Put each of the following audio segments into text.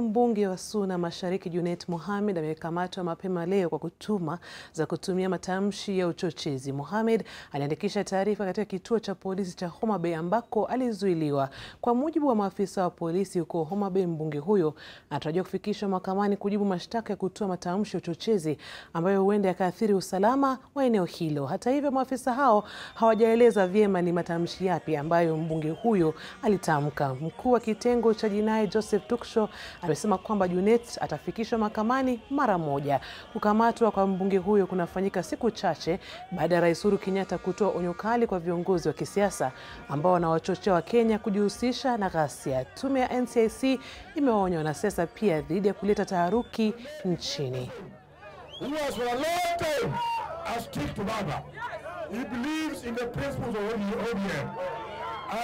Mbunge wa Suna Mashariki Junet Mohamed amekamatwa mapema leo kwa kutuma za kutumia matamshi ya uchochezi. Mohamed aliandikisha taarifa katika kituo cha polisi cha Homa Bay ambako alizuiliwa. Kwa mujibu wa maafisa wa polisi huko Homa Bay, mbunge huyo anatarajiwa kufikishwa mahakamani kujibu mashtaka ya kutoa matamshi ya uchochezi ambayo huenda yakaathiri usalama wa eneo hilo. Hata hivyo, maafisa hao hawajaeleza vyema ni matamshi yapi ambayo mbunge huyo alitamka. Mkuu wa kitengo cha jinai Joseph Tuksho amesema kwamba Junet atafikishwa mahakamani mara moja. Kukamatwa kwa mbunge huyo kunafanyika siku chache baada ya Rais Uhuru Kenyatta kutoa onyo kali kwa viongozi wa kisiasa ambao wanawachochea Wakenya kujihusisha na ghasia. Tume ya NCIC imewaonya wanasiasa pia dhidi ya kuleta taharuki nchini.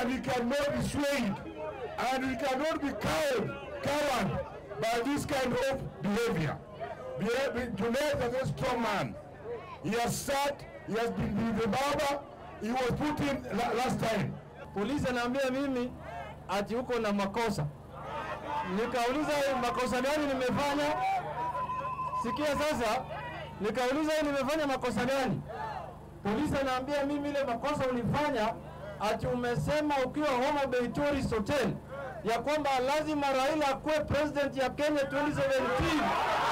and he cannot be swayed, and he cannot be cowed coward by this kind of behavior. Julius is a strong man. He has sat, he has been with the barber, he was put in la last time. Polisi anaambia mimi ati uko na makosa. Nikauliza makosa gani nimefanya? Sikia sasa, nikauliza nimefanya makosa gani? Polisi anaambia mimi ile makosa ulifanya ati umesema ukiwa Homa Bay Tourist Hotel ya kwamba lazima Raila akuwe president ya Kenya 2017.